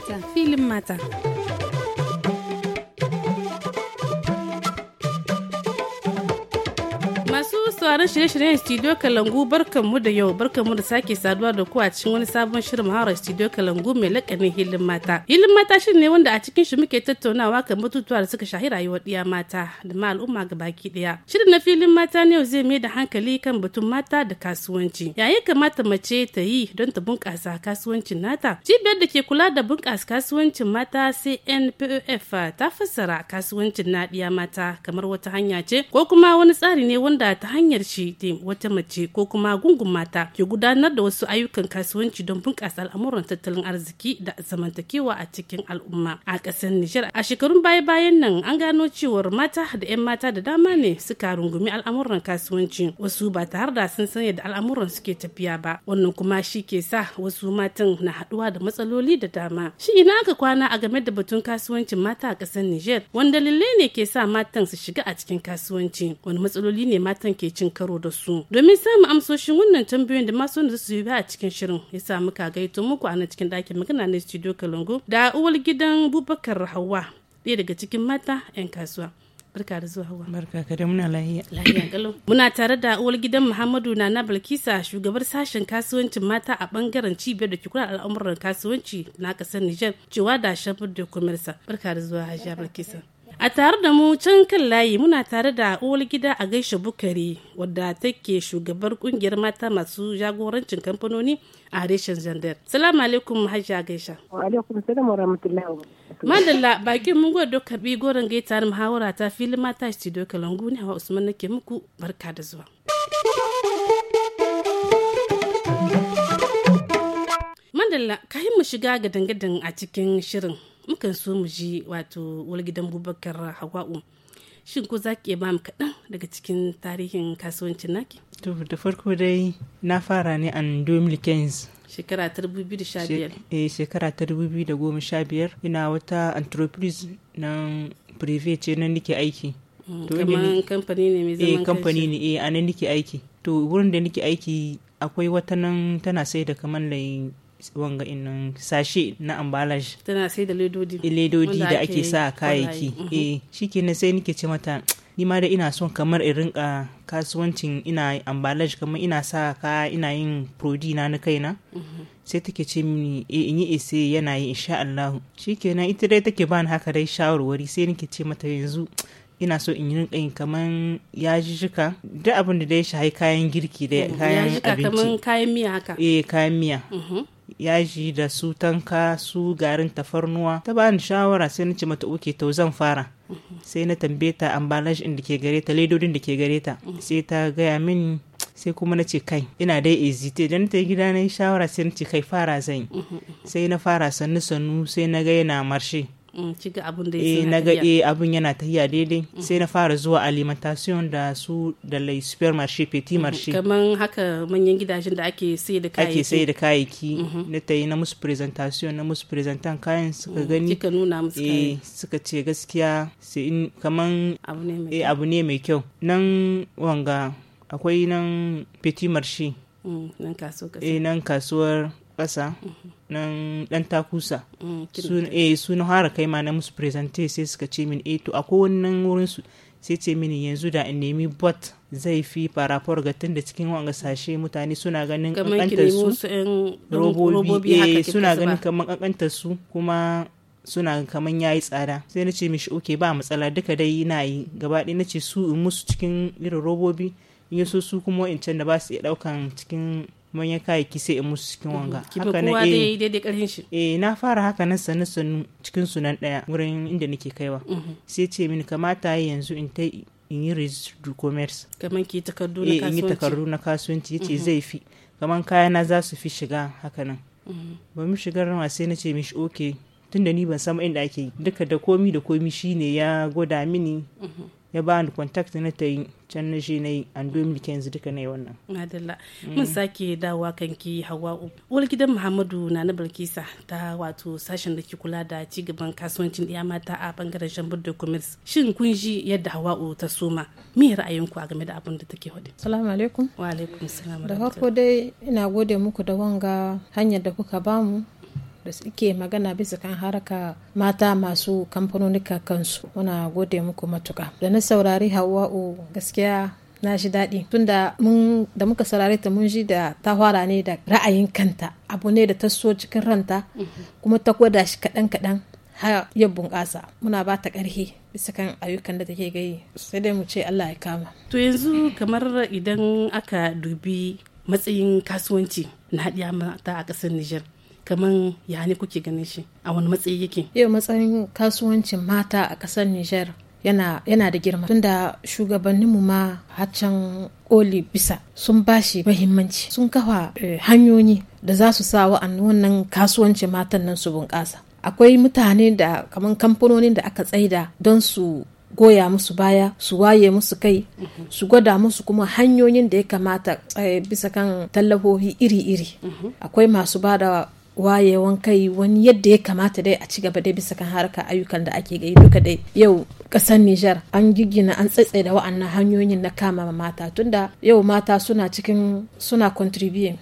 mata filin mata sauraron shirye-shiryen studio kalangu mu da yau mu da sake saduwa da ku a cikin wani sabon shirin maharar studio kalangu mai lakanin hilin mata hilin mata shi ne wanda a cikin shi muke tattaunawa kan batutuwa da suka shahi rayuwar ɗiya mata da ma al'umma ga baki ɗaya shirin na filin mata ne zai mai da hankali kan batun mata da kasuwanci ya ya kamata mace ta yi don ta bunƙasa kasuwancin nata cibiyar da ke kula da bunƙasa kasuwancin mata cnpof ta fassara kasuwancin na ɗiya mata kamar wata hanya ce ko kuma wani tsari ne wanda ta hanyar mace da wata mace ko kuma gungun mata ke gudanar da wasu ayyukan kasuwanci don bunƙasa al'amuran tattalin arziki da zamantakewa a cikin al'umma a ƙasar Nijar. A shekarun baya-bayan nan an gano cewar mata da 'yan mata da dama ne suka rungumi al'amuran kasuwanci wasu ba ta har da sun san yadda al'amuran suke tafiya ba wannan kuma shi ke sa wasu matan na haɗuwa da matsaloli da dama. Shi ina aka kwana a game da batun kasuwancin mata a ƙasar Nijar wanda lalle ne ke sa matan su shiga a cikin kasuwanci wani matsaloli ne matan ke cin karo da su domin samun amsoshin wannan tambayoyin da masu wanda su yi a cikin shirin ya samu gaito muku a nan cikin ɗakin magana na studio Kalungu da uwar gidan bubakar hawa ɗaya daga cikin mata 'yan kasuwa barka da zuwa hawa barka ka da muna lahiya lahiya galo. muna tare da uwar gidan muhammadu nana balkisa shugabar sashen kasuwancin mata a bangaren cibiyar da ke kula al'amuran kasuwanci na kasar Nijar cewa da shafin da kumirsa barka da zuwa hajiya balkisa a tare da mu can kan layi muna tare da uwar gida a gaishe bukari wadda take shugabar kungiyar mata masu jagorancin kamfanoni a reshen zandar salamu alaikum hajji gaisha wa alaikum salam wa rahmatullahi wa madalla bakin mun gwada goron gaita muhawara ta filin mata studio kalangu ne hawa usman nake muku barka da zuwa madalla kayan mu shiga ga gadangadan a cikin shirin mukan so mu ji wato wani gidan bubakar hawa'u shin ko za ki iya ba mu kaɗan daga cikin tarihin kasuwancin naki to da farko dai na fara ne an 2015 shekara ta biyar eh shekara ta biyar ina wata entreprise nan prive ce nan nake aiki mm, kamar kamfani ne mai zaman eh kamfani ne eh anan nake aiki to wurin da nake aiki akwai wata nan tana sai da kamar lai wanga inon sashe na ambalaj. tana sai da ledodi eh, ledodi da ake sa kayayyaki eh mhm. shikenan sai nake ce mata ni ma da ina son kamar in rinka kasuwancin ina ambalaj kamar ina sa ka ina yin prodi na na kaina mhm. sai take ce mini eh, in yi ese yana yi insha Allah shikenan ita dai take bani haka dai shawarwari sai nake ce mata yanzu ina so in rinka yin kaman yajijjika duk abin da dai shahai kayan girki da mm-hmm. kayan abinci kaman kayan miya haka eh kayan miya mm-hmm. yaji da su tanka su garin tafarnuwa ta bani shawara sai na ce mata oke to zan fara mm-hmm. sai na tambaye ta ambalage din da ke gare ta ledodin da ke gare ta sai ta gaya min sai kuma na ce kai ina dai ezite dan ta gida na yi shawara sai na ce kai fara zan sai na fara sannu sannu sai na ga yana marshe kiga abun da ya eh, na ga eh abun yana tahiya daidai mm. sai na fara zuwa alimentation da su da lai supermarché petit mm-hmm. marché kaman haka manyan gidajen da ake sai da kayayyaki ake sai da kayayyaki mm-hmm. na tayi na musu presentation na musu presentation kayan suka mm. gani kika nuna musu eh, kayan suka ce gaskiya sai in kaman abu ne mai eh, kyau nan wanga akwai nan petit marché mm, nan kasuwar kasa. nan dan takusa mm, suna eh, hara kai ma na musu presente sai suka ce min eh to akwai wannan wurin su sai ce mini yanzu da in nemi bot zai fi parafor ga tun da cikin wanga sashe mutane suna ganin kankantar su robobi eh, suna ganin kamar kankantar su kuma suna kamar ya yi tsada sai na ce mishi oke ba matsala duka dai na yi ɗaya na ce su in musu cikin irin robobi in so su kuma in can da ba su iya ɗaukan cikin manyan kayayyaki sai in musu cikin wanga haka na eh daidai shi eh, na fara haka nan sanu sanu cikin sunan daya wurin inda nake kaiwa mhm. sai ce mini kamata yanzu in ta in yi register commerce kaman ki takardu na kasuwanci eh in yi takardu na kasuwanci yace mhm. zai fi kaman kayana za su fi shiga haka nan mhm. ba mu shigar rawa sai na ce mishi okay tunda ni ban san inda ake duka da komi da komi shine ya gwada mini ya ba ni contact na ta yi can na je na yi an domin da yanzu duka na yi wannan. Adalla mm. mun sake dawowa kanki Hawa'u. Uwar gidan Muhammadu na na Bilkisa ta wato sashen da ke kula da ci gaban kasuwancin ɗiya mata a bangaren Shambur da Commerce. Shin kun ji yadda Hawa'u ta soma? Me ra'ayinku a game da abin da take faɗi? Salamu alaikum. Wa alaikum salam. Da farko dai ina gode muku da wanga hanyar da kuka bamu da suke magana bisa kan haraka. mata masu kamfanonika kansu muna gode muku matuka da na saurari hawa'u gaskiya na shi daɗi tunda mun da muka saurari ta mun ji da ta fara ne da ra'ayin kanta abu ne da ta so cikin ranta kuma ta gwada shi kaɗan kaɗan har ya bunƙasa muna ba ta ƙarfi bisa kan ayyukan da take gayi sai dai mu ce Allah ya kama to yanzu kamar idan aka dubi matsayin kasuwanci na hadiya mata a ƙasar Nijar kamar ya ne kuke ganin shi a wani matsayi yake yau matsayin kasuwancin mata a ƙasar niger yana, yana da girma tunda shugabanninmu ma haccan koli bisa sun bashi mahimmanci sun kafa eh, hanyoyi da za su sa wa'annan wannan kasuwancin matan nan su bunƙasa akwai mutane da kamar kamfanonin da aka tsaida don su goya musu baya su waye musu kai su gwada musu kuma hanyoyin da ya kamata eh, bisa kan tallafohi iri-iri mhm. akwai masu bada. wayewan kai wani yadda ya kamata dai a ci gaba dai bisa kan harkar ayyukan da ake gani duka dai yau kasar Nijar an gigina an tsaitsai da wa'annan hanyoyin na kama mata tunda yau mata suna cikin suna contribute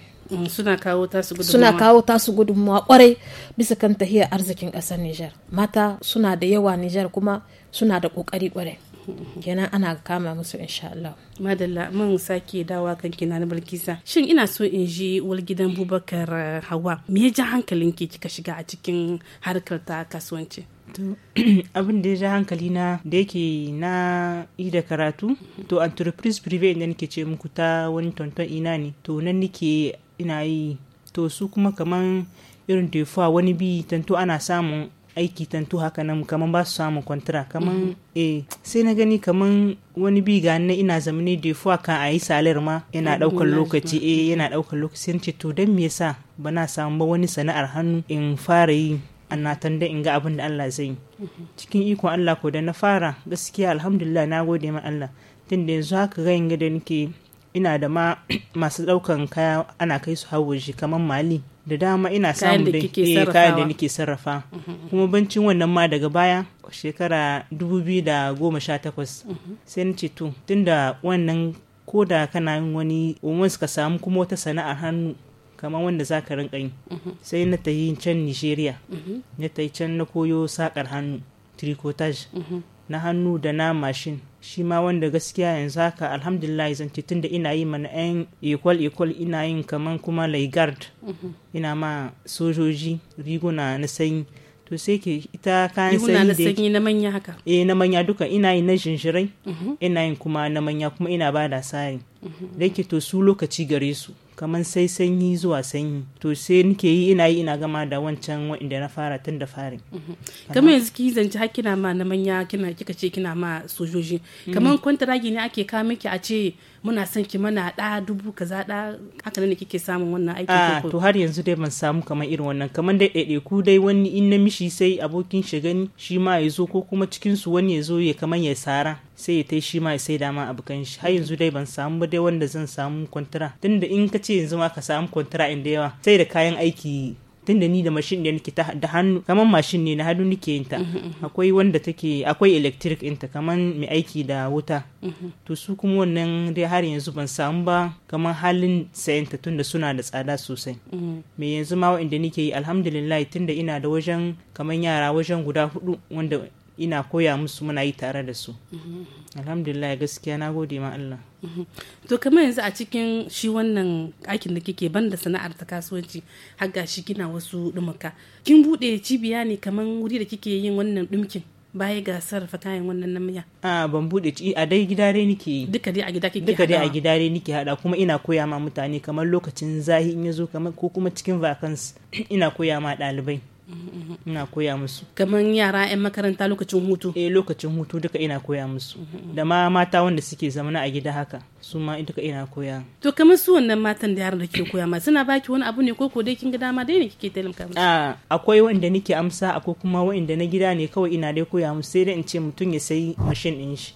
kawo mm, tasu suna kawo tasu gudunmuwa kwarai bisa kan tahiyar arzikin kasar Nijar mata suna da yawa Nijar kuma suna da kokari kwarai yana ana kama musu insha Allah. Madalla mun sake dawa kan kina na Bilkisa. Shin ina so in ji wal gidan Bubakar Hawa me ya hankalin ki kika shiga a cikin harkar ta kasuwanci? to abin da ya ji hankali na da yake na yi da karatu to entreprise privé inda nake ce muku ta wani tonton ina ne to nan nake ina yi to su kuma kaman irin tefuwa wani bi tanto ana samun aiki tantu haka nan kaman ba su samun kwantara kaman mhm. eh sai na gani kaman wani bi ga na ina zamani da fuwa kan a yi salar ma yana ɗaukar lokaci eh yana daukar lokaci ce to dan me yasa ba na samu ba wani sana'ar hannu in fara yi annatan tanda in ga abin da Allah zai yi mhm. cikin ikon Allah ko da na fara gaskiya alhamdulillah na gode ma Allah da-da yanzu haka ga da nake ina da ma masu ɗaukan kaya ana kai su hawo kaman mali da dama ina samun dai eh, kayan da nike sarrafa mhm, mhm. kuma bancin wannan ma daga baya shekara 2018 mhm. sai na ce to tunda wannan ko da kana yin wani umar ka samu kuma wata sana'ar hannu kamar wanda za ka rinka yi sai na ta yi can nigeria na ta yi can na koyo saƙar hannu tricotage na hannu da na mashin shi ma wanda gaskiya yanzu haka alhamdulillah zance tunda ina yi mana yan equal equal ina yin kaman kuma laigard mhm. ina ma sojoji riguna na sanyi to sai ke ita kayan sanyi da na manya haka eh na manya duka ina yin na jinjirai mhm. ina yin kuma na manya kuma ina ba da sari mhm. da ke to su lokaci gare su kamar sai sanyi zuwa sanyi to sai nike yi ina yi ina gama da wancan wa'inda na fara tun da farin mhm. kamar yanzu ki zance har kina ma na manya kina kika ce kina ma sojoji mhm. kamar ragi ne ake kawo miki a ce muna son ki mana da dubu kaza da haka ne kike samun wannan aiki ah, to har yanzu dai ban samu kamar irin wannan kamar dai ɗaiɗe ku dai wani in na mishi sai abokin shi gani shi ma ya zo ko kuma cikin su wani ya zo ya kamar ya sara sai ya tai shi ma ya sai dama abokan shi har yanzu dai ban samu ba dai wanda zan samu kwantara tunda in ka ce yanzu ma ka samu kwantara inda yawa sai da kayan aiki tunda ni da mashin da nake da hannu kaman mashin ne na hannu nake yin ta mm-hmm, mm-hmm. akwai wanda take akwai electric ɗinta kaman mai aiki da wuta mm-hmm. to su kuma wannan dai har yanzu ban samu ba kaman halin sayan ta tunda suna da tsada sosai me yanzu ma wa'inda nake yi alhamdulillah tunda ina da wajen kaman yara wajen guda hudu wanda ina koya musu muna yi tare da su alhamdulillah gaskiya na gode ma Allah to kamar yanzu a cikin shi wannan aikin da kike banda sana'ar ta kasuwanci har shi kina wasu dumuka kin bude cibiya ne kamar wuri da kike yin wannan dumkin baya ga sarrafa kayan wannan namiya a ban bude ci a dai gidare nake yi duka dai a gida kike duka dai a gidare nike hada kuma ina koya ma mutane kamar lokacin zahi in yazo kamar ko kuma cikin vacancy ina koya ma dalibai ina koya musu kamar yara 'yan makaranta lokacin hutu eh lokacin hutu duka ina koya musu da ma mata wanda suke zamana a gida haka su ma duka ina koya to kamar su wannan matan da yaran da ke koya ma suna baki wani abu ne ko ko dai kin ga dama dai ne kike taimaka musu a ah, akwai wanda nake amsa akwai kuma wanda na gida ne kawai ina dai koya musu sai dai in ce mutum ya sayi mashin din shi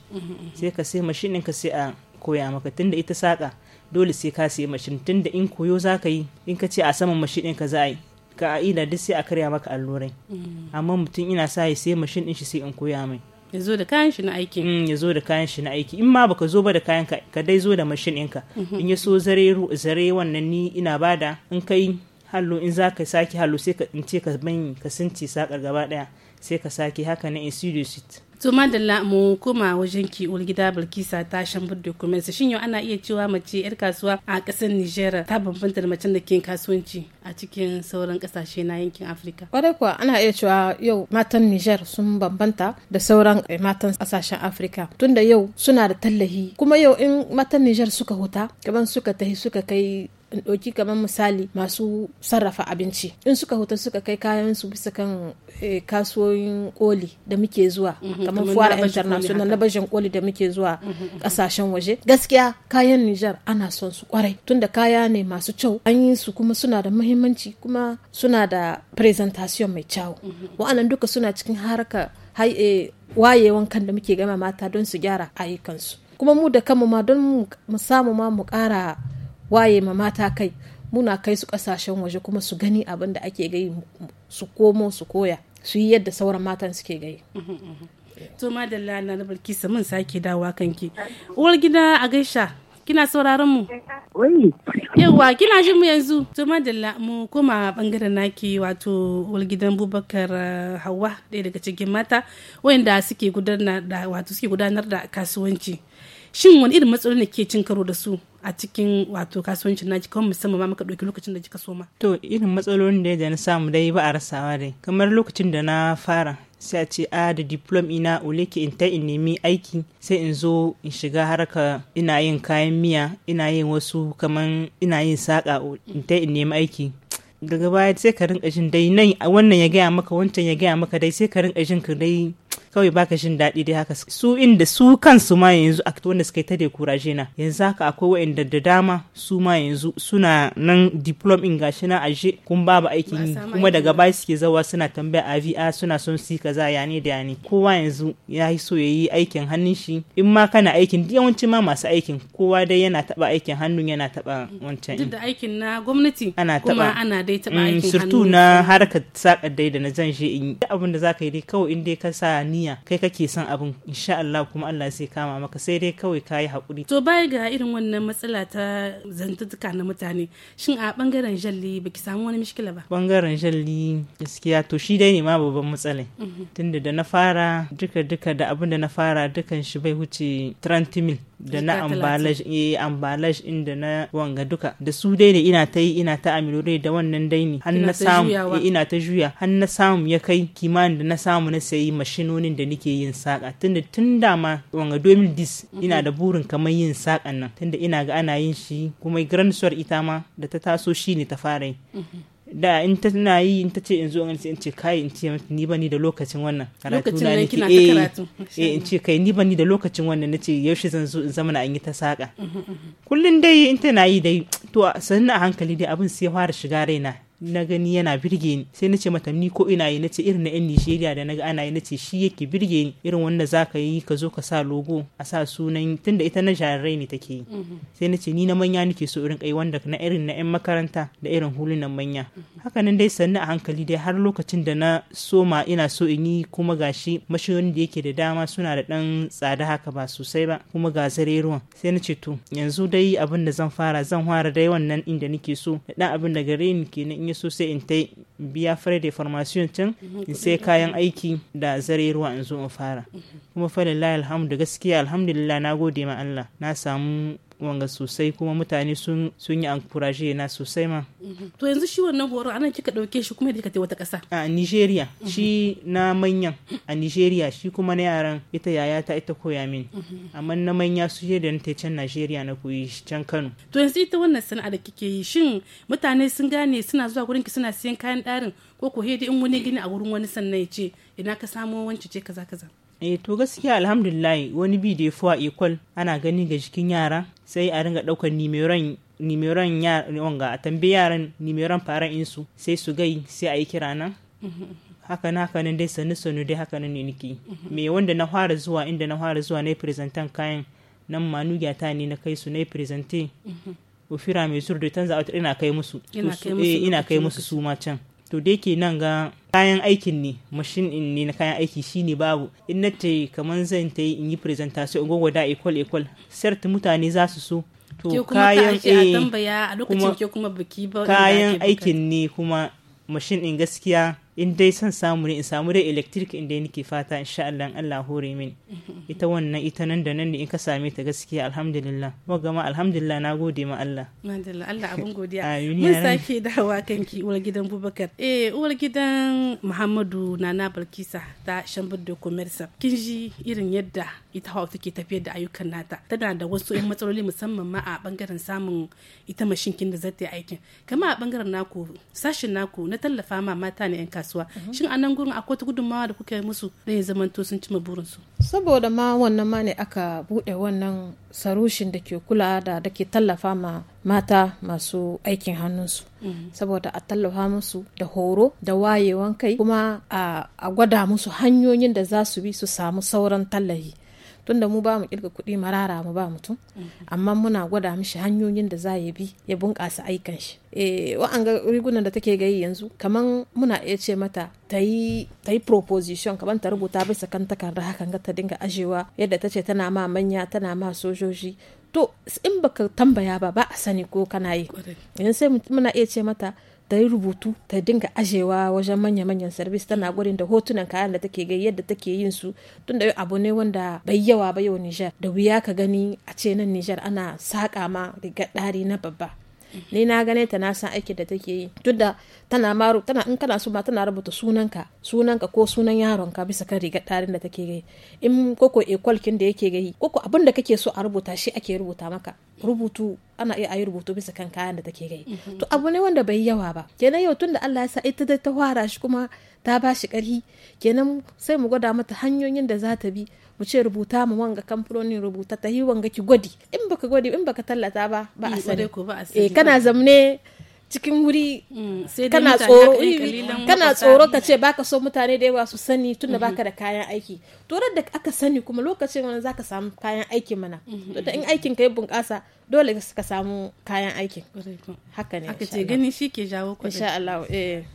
sai ka sai mashin din ka sai a koya maka tunda ita saka dole sai ka sai mashin tunda in koyo zaka yi in ka ce a saman mashin din ka za a yi ka ka'ida duk sai a karya maka allurai mm. amma mutum ina sa ya sai mashin din shi sai in koya mai ya zo da kayan shi na aiki in mm, ya zo da kayan shi na aiki in ma baka zo ba da kayan ka ka dai zo da mashin ɗinka mm-hmm. in ya so zare zare wannan ni ina bada in kai hallo in za ka sake hallo sai ka in ce ka bani ka sinci sakar gaba daya sai ka sake haka na insidious to madalla mu koma wajen ki gida bilkisa ta shambar documents shin yau ana iya cewa mace yar kasuwa a kasar nigeria ta bambanta da macen da ke kasuwanci a cikin sauran kasashe na yankin afirka kwarai kuwa ana iya cewa yau matan niger sun bambanta da sauran eh, matan kasashen afirka tunda yau suna da tallahi kuma yau in matan niger suka huta kaban suka tahi suka kai in ɗauki kamar misali masu sarrafa abinci in suka huta suka kai kayan su bisa kan eh, kasuwoyin koli da muke zuwa mhm, kamar fuwar international na bajin koli da muke zuwa kasashen mhm, mhm, waje gaskiya kayan Nijar ana son su kwarai tunda kaya ne masu kyau an yi su kuma suna da muhimmanci kuma suna da presentation mai kyau wa'annan duka suna cikin haraka. Eh, wayewan kan da muke gama mata don su gyara ayyukansu kuma mu da kanmu ma don mu samu ma mu ƙara waye ma mata kai muna kai su kasashen waje kuma su gani abin da ake gai su komo su koya su yi yadda sauran matan suke gai mhm, mhm. to madalla na na barkisa mun sake dawa kanki uwar gida a gaisha kina sauraron mu yawa kina jin mu yanzu to madalla mu koma bangaren naki wato uwar gidan bubakar eh, hawa ɗaya daga cikin mata wayanda suke gudanar da wato suke gudanar da kasuwanci shin wani irin matsaloli ne ke cin karo da su a cikin wato kasuwancin naki kuma musamman ma muka ɗauki lokacin da kika soma. To irin matsalolin da ya na samu dai ba a rasawa dai kamar lokacin da na fara sai a ce a da diplom ina oleke in ta in nemi aiki sai in zo in shiga harka ina yin kayan miya ina yin wasu kamar ina yin saƙa in ta in nemi aiki daga baya sai ka rinka jin dai nan wannan ya gaya maka wancan ya gaya maka dai sai ka rinka jin ka dai kawai baka jin daɗi dai haka su inda su kansu ma yanzu a wanda suka yi ta dekuraje na yanzu haka akwai wa'inda da dama su ma yanzu suna nan diplom in gashi na aje kun babu aikin yi kuma daga baya suke zawa suna tambaya a VR suna son su kaza ya ne da ya ne kowa yanzu ya yi so ya yi aikin hannun shi in ma kana aikin yawanci ma masu aikin kowa dai yana taɓa aikin hannun yana taɓa wancan duk da aikin na gwamnati ana taɓa ana dai aikin mm, hannun surtu na harkar sakar dai da na zan je in yi abin da ka yi dai kawai in dai ka sa niyya kai kake son abin insha Allah kuma Allah zai kama maka sai dai kawai kayi hakuri to baya ga irin wannan matsala ta zantuttuka na mutane shin a bangaren jalli baki samu wani mishkila ba bangaren jalli gaskiya to shi dai ne ma babban matsala. Mhm. tunda da na fara duka duka da abin da na fara dukan shi bai wuce 30 mil da na ambalage eh ambalage din da na wanga duka da su dai da ina ta yi ina ta amilore da wannan daini har na samu eh, ina ta juya har na samu ya kai kimanin da na samu na sayi mashinonin da nike yin saka tunda tun da ma wanga 2010 ina mhm. da burin kamar yin sakan nan tunda ina ga ana yin shi kuma grand ita ma da ta taso shi ne ta fara yi mhm. da in ta na yi in ta ce in zo in in ce kai in ce ni ba ni da lokacin wannan eh, karatu na ni kina eh in ce kai ni bani da lokacin wannan ce yaushe zan zo in zama na an yi ta saka mm-hmm, mm-hmm. kullun dai in ta na yi dai to sannan a hankali dai abin sai ya fara shiga raina na gani yana birge ni sai na ce mata ni ko ina yi nace irin na yan Nigeria da na ana yi nace shi yake birge ni irin wanda zaka yi ka zo ka sa logo a sa sunan tunda ita na jarirai ne take yi mm-hmm. sai na ce ni na manya nake so irin kai wanda na irin na yan makaranta da irin hulunan manya mm-hmm. hakanan dai sannu a hankali dai har lokacin da na soma ina so in yi kuma gashi mashiyoyin da yake da dama suna da dan tsada haka ba sosai ba kuma ga zare sai na ce to yanzu dai abin da zan fara zan fara dai wannan inda nake so da dan abin da gare ni kenan in yi so sai in ta biya fara da formation can mhm. in sai kayan aiki da zare ruwa in zo in fara mhm. kuma fa lillahi alhamdu gaskiya alhamdulillah na gode ma Allah na samu wanga sosai kuma mutane sun yi ankuraje na sosai ma mhm. to yanzu shi wannan horo anan kika dauke shi kuma yadda kika wata kasa a Nigeria mhm. shi na manyan a Nigeria shi kuma na yaran ita yaya ta ita koya min mhm. amma na manya su je da ta can Nigeria na koyi can Kano to yanzu ita wannan sana'a da kike yi shin mutane sun gane suna zuwa gurin ki suna siyan kayan ɗarin, ko ko hedi in wani gini a wurin wani sannan ya ce ina ka samo wance ce kaza kaza eh to gaskiya alhamdulillah wani bi da ya fuwa ikwal ana gani ga jikin yara sai a ringa ɗaukar nimeron nimeron wanga a tambi yaran nimeron in insu sai su gai sai a yi kira nan haka na haka nan dai sanu sanu dai haka nan ne niki me wanda na fara zuwa inda na fara zuwa na yi presentan kayan nan manu ta ne na kai su na yi presente ofira mai zur da tanza ina kai musu ina kai musu eh, su ma can to dai ke nan ga kayan aikin ne mashin in ne na kayan aiki shine babu in na ta yi kamar zan ta yi in yi presentation in gwagwada equal equal cert mutane za su so to kayan a kuma kayan eh, aikin ne kuma mashin in gaskiya in dai son samu ne in samu dai electric in dai nake fata insha Allah Allah hore min ita wannan ita nan da nan ne in ka same ta gaskiya alhamdulillah mu gama alhamdulillah na gode ma Allah alhamdulillah Allah abun godiya mun sake dawowa kanki uwar gidan Bubakar eh uwar gidan Muhammadu Nana Balkisa ta Shambar da Commerce kin ji irin yadda ita hawa take tafiyar da ayyukan nata tana da wasu yan matsaloli musamman ma a bangaren samun ita mashinkin da zata yi aikin kama a bangaren naku sashin naku na tallafa ma mata ne yan kasuwa shin a nan gurin akwai ta gudunmawa da kuka yi musu ne ya to sun cima burinsu saboda ma wannan ma ne aka bude wannan sarushin da ke kula da da ke tallafa ma mata masu aikin hannunsu mhm. saboda a tallafa musu da horo da wayewan kai kuma a gwada musu hanyoyin da za su bi su samu sauran tallafi tunda mu ba mu kirga kuɗi marara mu ba mutum amma muna gwada mishi hanyoyin da za ya bi ya bunƙasa aikan shi eh wa'anga rigunan da take gayi yanzu kaman muna iya ce mata ta yi proposition kaman ta rubuta bisa kan takarda hakan ga ta dinga ajewa yadda ta ce tana ma manya tana ma sojoji to in baka tambaya ba ba a sani ko kana yi yanzu sai muna iya ce mata ta yi rubutu ta dinga ajewa wajen manya-manyan sarbis tana gwarin da hotunan kayan da take gai yadda take yin su tun da abu ne wanda bai yawa ba yau Nijar da wuya ka gani a ce nan Nijar ana saƙa ma rigar ɗari na babba ni na gane ta na san aikin da take yi duk da tana maro tana in kana so ma tana rubuta sunanka sunanka ko sunan yaron ka bisa kan rigar tarin da take yi in koko ekwalkin da yake gai koko abin da kake so a rubuta shi ake rubuta maka rubutu ana iya ayi rubutu bisa kan kayan da take gai mhm. to abu ne wanda bai yawa ba kenan yau tunda Allah ya sa ita dai ta fara shi kuma ta ba shi ƙarhi kenan sai mu gwada mata hanyoyin da za ta bi ku ce rubuta mu wanga kamfanonin rubuta ta yi wanga ki gwadi in baka gwadi in baka tallata ba ba a sani eh, eh kana zamne cikin wuri mm, kana tsoro eh, kana tsoro ka ce baka so mutane da yawa su sani tunda mm-hmm. baka da kayan aiki to da aka sani kuma lokacin wani zaka samu kayan aiki mana mm-hmm. to da in aikin ka ya bunƙasa dole ka samu kayan aikin haka ne aka ce gani shi ke jawo ku insha Allah eh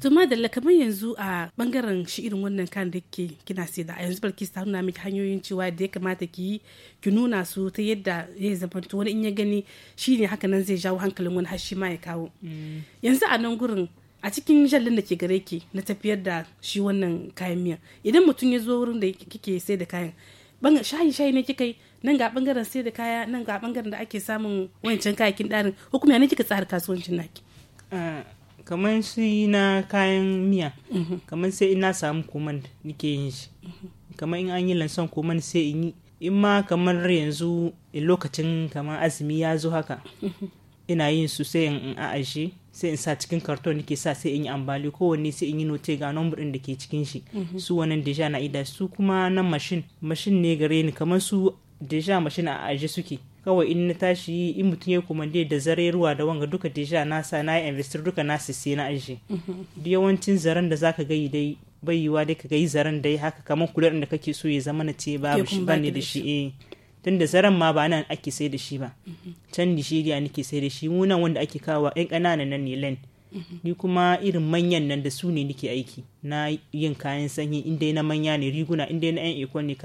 to madalla kamar yanzu a bangaren shi irin wannan kan da ke kina sai da a yanzu barki sa nuna miki hanyoyin cewa da ya kamata ki ki nuna su ta yadda ya zama to wani in ya gani shine haka nan zai jawo hankalin wani hashi ma ya kawo mm. yanzu a nan gurin a cikin jallin da ke gare ki na tafiyar da shi wannan kayan miya idan mutum ya zo wurin da kike sai da kayan shayi shayi ne kika yi nan ga bangaren sai da kaya nan ga bangaren da ake samun wancan kayakin ɗarin hukumya ne kika tsara kasuwancin naki ah, kamar su yi na kayan miya mhm. kamar sai ina samu koman nike yin shi mhm. kamar in an yi lansan koman sai in yi in ma kamar yanzu lokacin kamar azumi ya zo haka mhm. ina yin su sai in a'ashe sai in sa cikin karton nake sa sai in yi ambali kowanne sai in yi note ga number din da ke cikin shi su wannan deja na ida su kuma nan mashin mashin ne gare ni kamar su deja mashin a aje suke kawai in na tashi in mutum ya kumande da zare ruwa da wanga duka deja na sa na yi investir duka na sisi na aji duk yawancin zaren da zaka gayi dai bai yiwa dai ka gayi zaren dai haka kamar kular da kake so ya zama na ce babu shi bane da shi eh tun da zaren ma ba nan ake sai da shi ba can Nigeria nake sai da shi mu nan wanda ake kawo yan ƙananan nan ne ni kuma irin manyan nan da su ne nake aiki na yin kayan sanyi inda na manya ne riguna inda na yan ikon ne eh,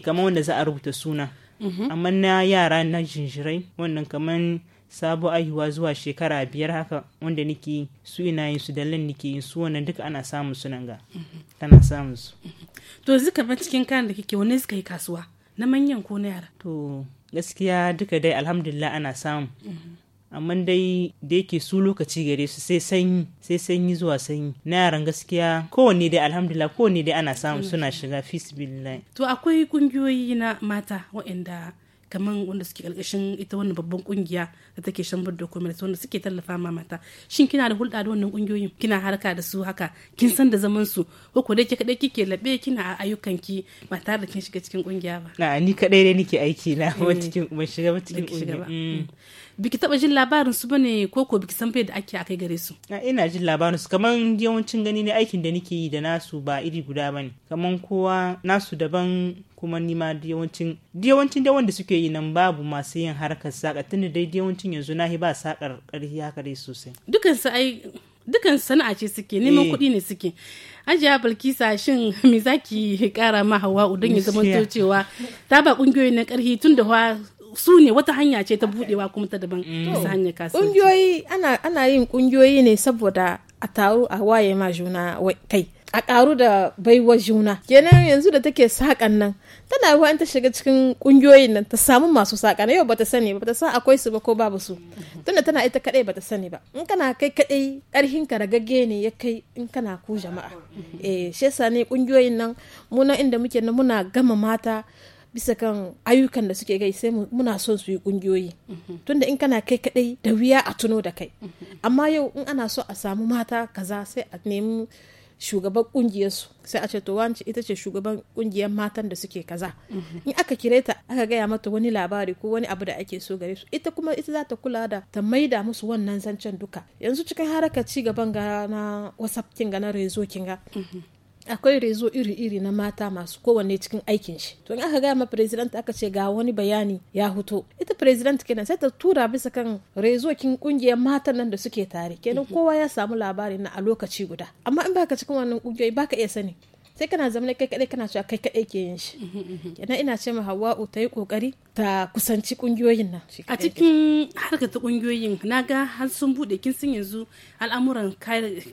kamar wanda za a rubuta suna Mhm. amma na yara na jinjirai wannan kaman sabo ayuwa zuwa shekara biyar haka wanda nake su ina yin su dalilin niki yin su wannan duka ana samun su nan ga tana mhm. samun su mhm. to zika ba cikin kayan da kike wani suka yi kasuwa na manyan ko na yara to gaskiya duka dai alhamdulillah ana samu amma dai da yake su lokaci gare su sai sanyi sai sanyi zuwa sanyi na yaran gaskiya kowanne dai alhamdulillah kowanne dai ana samu suna shiga fisbillah to akwai kungiyoyi na mata waɗanda kamar wanda suke karkashin ita wannan babban kungiya da take shambar da kuma wanda suke tallafa ma mata shin kina da hulɗa da wannan kungiyoyin kina harka da su haka kin san da zaman su ko ko dai kadai kike labe kina a ayyukan ki ba tare da kin shiga cikin kungiya ba na ni kadai dai nake aiki na ba eh. cikin ban shiga ba cikin kungiya mm. Mm. biki taba jin labarin su bane ko ko biki san da ake akai gare su a ina jin labarin su kamar yawancin gani ne aikin da nake yi da nasu ba iri guda bane kamar kowa nasu daban kuma nima yawancin yawancin da wanda suke yi nan babu masu yin harkar saka tunda dai yawancin yanzu nahi ba sakar karfi ya kare sosai dukan su ai dukan sana'a ce suke neman eh. kuɗi ne suke hajiya bilkisa shin me zaki kara ma hawa'u don ya zama cewa ta ba kungiyoyin na karhi tun da su ne wata hanya ce ta budewa kuma ta daban mm. bisa hanyar kasuwanci ana yin kungiyoyi ne saboda a taru a waye ma juna kai a ƙaru da baiwa juna kenan yanzu da take sakan nan tana yi ta shiga cikin ƙungiyoyin nan ta samu masu na yau bata sani ba ta san akwai su ba ko babu su tunda tana ita kadai bata sani ba in kana kai kadai karhin ka ragagge ne ya kai in kana ku jama'a mm-hmm. eh shi ne kungiyoyin nan mu nan inda muke nan muna gama mata bisa kan ayyukan da suke gai sai muna son su yi kungiyoyi tunda in kana kai kadai da wuya a tuno da kai amma yau in ana so a samu mata kaza sai a nemi shugaban kungiyar su sai a ce to wance ita ce shugaban kungiyar matan da suke kaza in aka kire ta aka gaya mata wani labari ko wani abu da ake so gare su ita kuma ita za ta kula da ta maida musu wannan zancen duka yanzu cikin haraka ci gaban ga na whatsapp kinga na rezo kinga akwai rezo iri-iri na mata masu kowanne cikin aikin shi to aka gaya ma president aka ce ga wani bayani ya huto ita president kenan sai ta tura bisa kan rezo kin kungiyar matan nan da suke tare kenan mhm. kowa ya samu labari na a lokaci guda amma in baka cikin wannan kungiyoyi baka iya sani sai kana zama kai kadai kana cewa kai kadai ke yin shi mhm, mhm, kenan ina ce ma u ta yi kokari ta kusanci kungiyoyin nan a cikin harkar ta kungiyoyin naga har sun bude kin sun yanzu al'amuran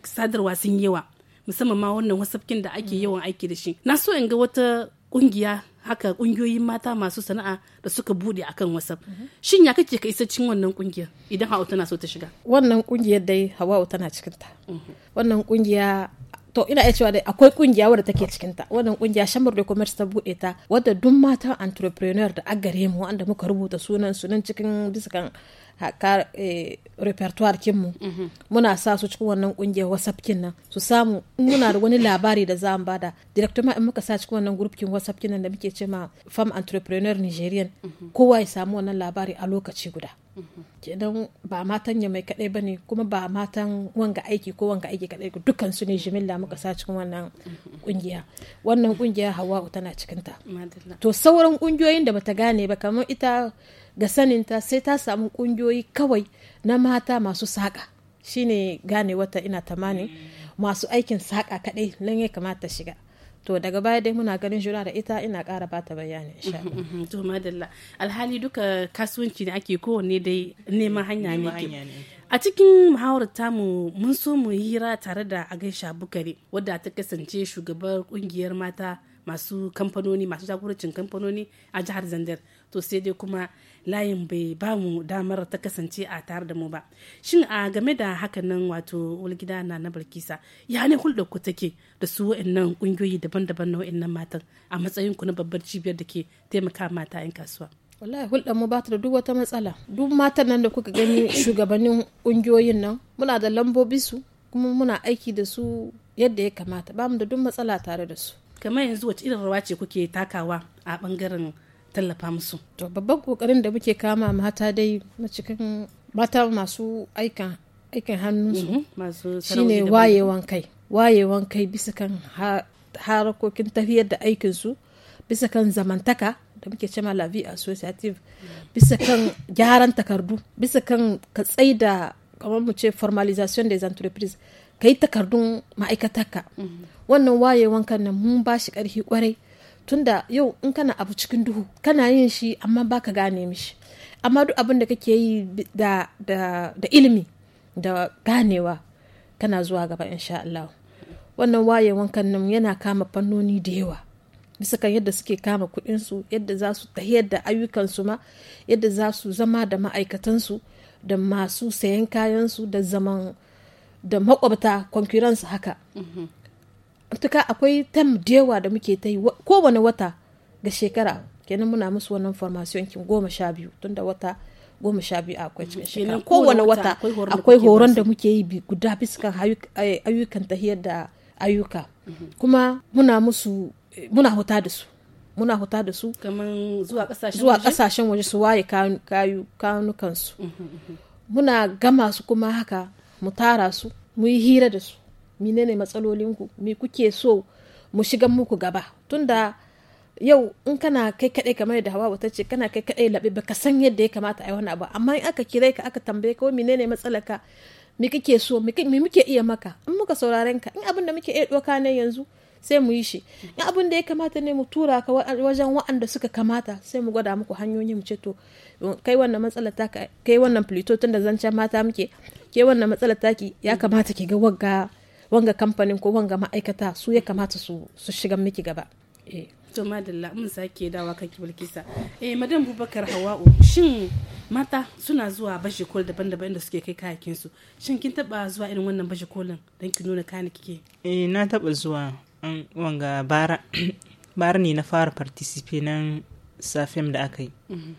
sadarwa sun yi yawa musamman ma wannan wasafkin da ake mm. yawan aiki da shi na so in ga wata kungiya haka kungiyoyin mata masu sana'a da suka bude akan wasaf mm-hmm. shin ya kake ka isa cikin wannan kungiya idan hawa tana so ta shiga wannan kungiyar dai hawa tana cikin ta mm-hmm. wannan kungiya to ina iya cewa dai akwai kungiya wadda take cikin ta wannan kungiya shamar da commerce ta bude ta wadda duk matan entrepreneur da agare mu wanda muka rubuta sunan sunan cikin bisa kan haƙar eh, repertoire kinmu mhm. muna sa su cikin wannan ƙungiyar whatsapp kin nan su samu in muna da wani labari da za mu bada director ma in muka sa cikin wannan group kin whatsapp kin nan da muke ce ma farm entrepreneur nigerian mhm. kowa ya samu wannan labari a lokaci guda mhm. kenan ba matan ya mai kadai bane kuma ba matan wanga aiki ko wanga aiki kadai dukkan su ne jimilla muka sa cikin wannan kungiya wannan kungiya hawa'u tana cikinta to sauran kungiyoyin da bata gane ba kamar ita ga saninta sai ta samu kungiyoyi kawai na mata masu saƙa shine gane wata ina tamanin masu aikin saƙa kaɗai nan ya kamata shiga to daga baya dai muna ganin juna da ita ina ƙara bata bayani insha to madalla alhali duka kasuwanci ne ake kowanne dai neman hanya ne a cikin muhawarar tamu mun so mu hira tare da agaisha bukari wadda ta kasance shugabar kungiyar mata masu kamfanoni masu jagorancin kamfanoni a jihar zandar to sai dai kuma layin bai ba mu damar ta kasance a tare da mu ba shin a game da hakanan wato walgida na na barkisa ya ne hulɗar ku take da su wa'annan ƙungiyoyi daban-daban na wa'annan matan a matsayin ku na babbar cibiyar da ke taimaka mata 'yan kasuwa wallahi hulɗa mu ba ta da duk wata matsala duk matan nan da kuka gani shugabannin ƙungiyoyin nan muna da lambobi su kuma muna aiki da su yadda ya kamata ba mu da duk matsala tare da su kamar yanzu wacce irin rawa ce kuke takawa a bangaren tallafa musu to babban kokarin da muke kama mata dai cikin mata masu aikin aikin hannunsu mhm, shine wayewan kai wayewan kai bisa kan harakokin tafiyar da aikinsu bisa kan zamantaka da muke cema la vie associative bisa kan gyaran takardu bisa kan ka da kamar mu ce formalization des entreprises ka yi takardun ma'aikataka mhm. wannan wayewan kan nan mun ba shi ƙarfi kwarai tunda yau in kana abu cikin duhu kana yin shi amma baka gane mishi amma duk abin da kake yi da, ilimi da ganewa kana zuwa gaba insha Allah wannan waye wankan nan yana kama fannoni da yawa bisa kan yadda suke kama su yadda za su tahiyar da su ma yadda za su zama da ma'aikatansu da masu sayan kayansu da zaman da makwabta concurrence haka mm-hmm. tuka akwai tam da yawa da muke ta yi kowane wata ga shekara kenan muna musu wannan formation kin goma sha biyu tunda wata goma sha biyu akwai cikin shekara kowane wata akwai horon da muke yi guda bisa ayyukan tahiyar da ayyuka mhm. kuma muna musu muna huta da su muna huta da su kaman zuwa kasashen waje su waye kayu kanukansu mhm, mhm, muna gama su kuma haka mu tara su mu yi hira da su menene matsalolinku me kuke so mu shiga muku gaba tunda yau in kana kai kaɗai kamar da hawa ta ce kana kai kaɗai labe baka san yadda ya kamata a yi wani abu amma in aka kira ka aka tambaye ka menene matsalar ka me kake so me muke iya maka in muka sauraren ka in abin da muke iya doka ne yanzu sai mu yi shi in abin da ya kamata ne mu tura ka wajen waɗanda suka kamata sai mu gwada muku hanyoyi mu ce to kai wannan matsalar ta kai wannan plito tun da zancen mata muke kai wannan matsalar taki ya kamata ki ga wagga wanga kamfanin ko wanga ma'aikata su ya kamata su shiga miki gaba eh. to madalla mun sake dawa kanki bilkisa eh madam bubakar hawa'u shin mata suna zuwa bashi kol daban-daban inda suke kai kayakin su shin kin taba zuwa irin wannan bashi kolin dan ki nuna kayan kike eh na taba zuwa um, wanga bara bara ne na fara participate nan safem da aka yi mm-hmm.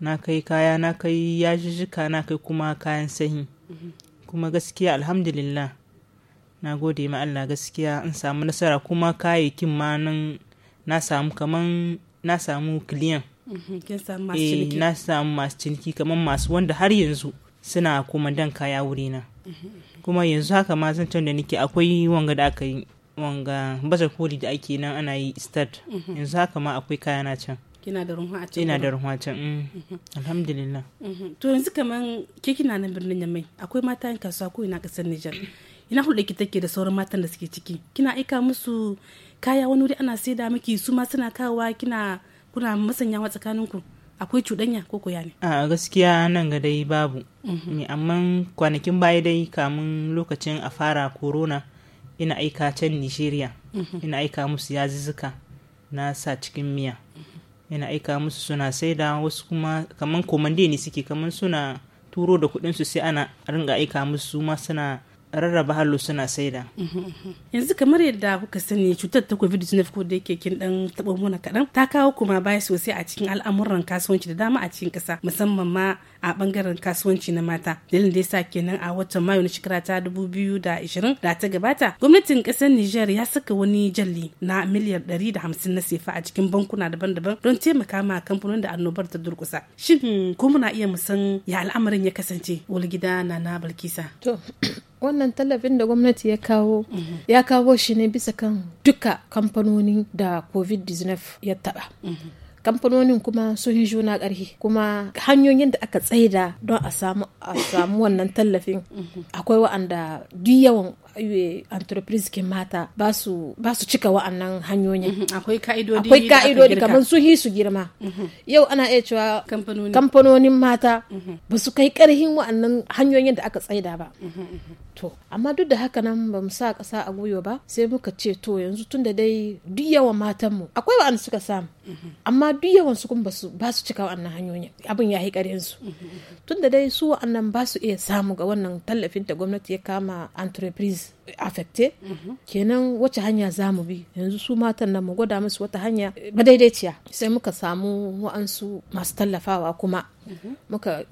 na kai kaya na kai yajijjika na kai kuma kayan sahi mm-hmm. kuma gaskiya alhamdulillah na gode ma Allah gaskiya an samu nasara kuma kayayyakin ma nan na samu kaman na samu kiliyan mhm, eh, na samu masu ciniki kaman masu wanda har yanzu suna kuma dan kaya wurina mhm, mhm. kuma yanzu haka ma zan da nake akwai wanga da aka yi wanga baza koli da ake nan ana yi start yanzu haka ma akwai kaya na can kina da runwa a can ina da a can mm. alhamdulillah to yanzu kaman ke kina nan birnin yamai akwai mata yin kasuwa ko ina kasar Nijar ina hulɗa ki take da sauran matan da suke ciki kina aika musu kaya wani wuri ana saida miki su ma suna kawowa kina kuna masanyawa tsakaninku akwai cuɗanya ko koya ne a gaskiya nan ga dai babu mhm. amma kwanakin baya dai kamun lokacin a fara corona ina aika can nigeria mhm. ina aika musu yazuzzuka na sa cikin miya mhm. ina aika musu suna saida wasu kuma kaman komande ne suke kaman suna turo da kuɗinsu sai ana ringa aika musu ma suna rarraba hallo suna saida. yanzu kamar yadda kuka sani cutar ta covid-19 ko da yake kin dan taɓa mana kaɗan ta kawo kuma baya sosai a cikin al'amuran kasuwanci da dama a cikin ƙasa musamman ma a ɓangaren kasuwanci na mata dalilin da yasa kenan a watan mayu na shekara ta 2020 da ta gabata gwamnatin ƙasar niger ya saka wani jalli na miliyar hamsin na sefa a cikin bankuna daban-daban don taimaka ma kamfanonin da annobar ta durƙusa shin ko muna iya mu san ya al'amarin ya kasance wani gida na na balkisa wannan tallafin da gwamnati ya kawo ya kawo shi ne bisa kan duka kamfanoni da covid-19 ya taba kamfanonin kuma sun yi juna ƙarfi kuma hanyoyin da aka tsaida don samu a samu wannan tallafin akwai wa'anda duk yawan entreprise mata ba su cika wa'annan hanyoyin mhm, akwai ka'idodi kamar su hi su girma mhm. yau ana iya cewa kamfanonin mata mhm. ba su kai karhin wa'annan hanyoyin da aka tsaida ba to amma duk da haka nan ba mu sa ƙasa a gwiwa ba sai muka ce to yanzu tun da dai duk yawan matanmu akwai wa'anda suka samu amma duk yawan su kuma ba su cika wa'annan hanyoyin abin ya yi ƙarhin su tun da dai su wa'annan ba su iya samu ga wannan tallafin da gwamnati ya kama entreprise affecte mhm. kenan wacce hanya za mu bi yanzu su matan nan mu gwada musu wata hanya madaidaiciya sai muka samu wa'ansu masu tallafawa kuma mhm.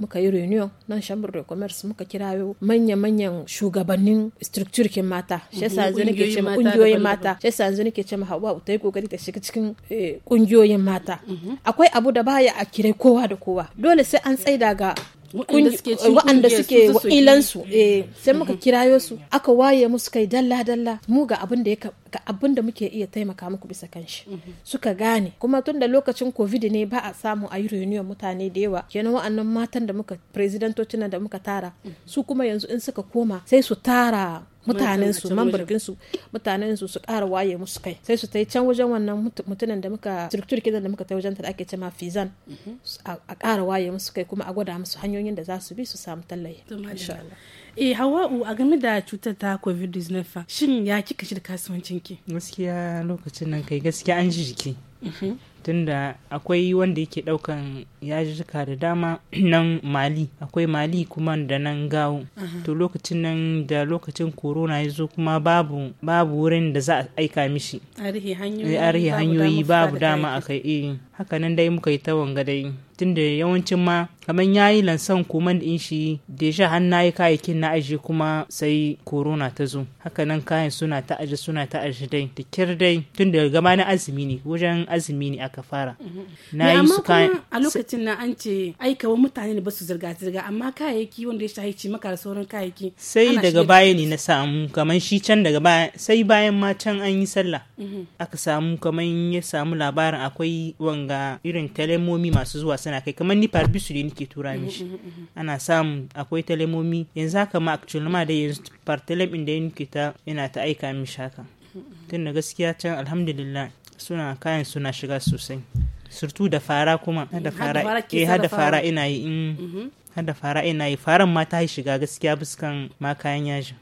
muka yi reunion nan chamber de commerce muka kirayo manya-manyan shugabannin structure kin mata kungiyoyin mata shi yasa yanzu nake ce hawa ta yi kokari ta shiga cikin kungiyoyin eh, mata mhm. akwai abu da baya a kirai kowa da kowa dole sai an tsaida ga waɗanda suke wa'ilansu eh, sai muka mm-hmm. kirayo su aka waye musu kai dalla dalla mu ga abin da muke iya taimaka muku bisa kanshi mm-hmm. suka gane kuma tun da lokacin covid ne ba a samu a yi reunion mutane da yawa kenan wa'annan matan da muka presidentocin da muka tara mm-hmm. su kuma yanzu in suka koma sai su tara mutanen su mambarkin su mutanen su su ƙara waye musu kai sai su ta can wajen wannan mutunan da muka struktur kidan da muka ta wajen ta da ake ce ma fizan mm-hmm. a kara waye musu kai kuma a gwada musu hanyoyin da za su bi su samu tallafi insha Allah eh hawa'u a game da cutar ta covid-19 fa shin ya kika shi da kasuwancin ki gaskiya lokacin nan kai gaskiya an ji jiki mm-hmm. tunda akwai wanda yake daukan yajika da dama nan mali akwai mali kuma da nan gawo to lokacin nan da lokacin corona ya zo kuma babu babu wurin da za a aika mishi arihi hanyoyi eh, babu dama a kai eh, haka nan dai muka yi ta wanga dai tunda yawancin ma kamar yi lansan koman din shi deja har yi kayayyakin na aji kuma sai corona ta zo hakanan kayan suna ta aji suna ta aji dai da kyar dai tunda gama na azumi ne wajen azumi ne aka fara mhm. yi su kayan a lokacin na an ce aikawa mutane ne ba su zirga zirga amma kayayyaki wanda ya shahici maka da sauran kayayyaki sai daga baya ne na samu kamar shi can daga baya sai bayan ma can an yi sallah mhm. aka samu kamar ya samu labarin akwai wanga irin kalmomi masu zuwa suna kai kamar ni parbisu da nake tura mm-hmm, mishi mm-hmm, mm-hmm. ana samu akwai telemomi yanzu haka ma actually ma da yanzu partelem inda nike ta yana ta aika mishi haka tun da gaskiya can alhamdulillah suna kayan suna shiga sosai surtu da fara kuma hada fara eh, fara ina yi in mm. hada fara ina yi faran ma ta shiga gaskiya buskan ma kayan yaji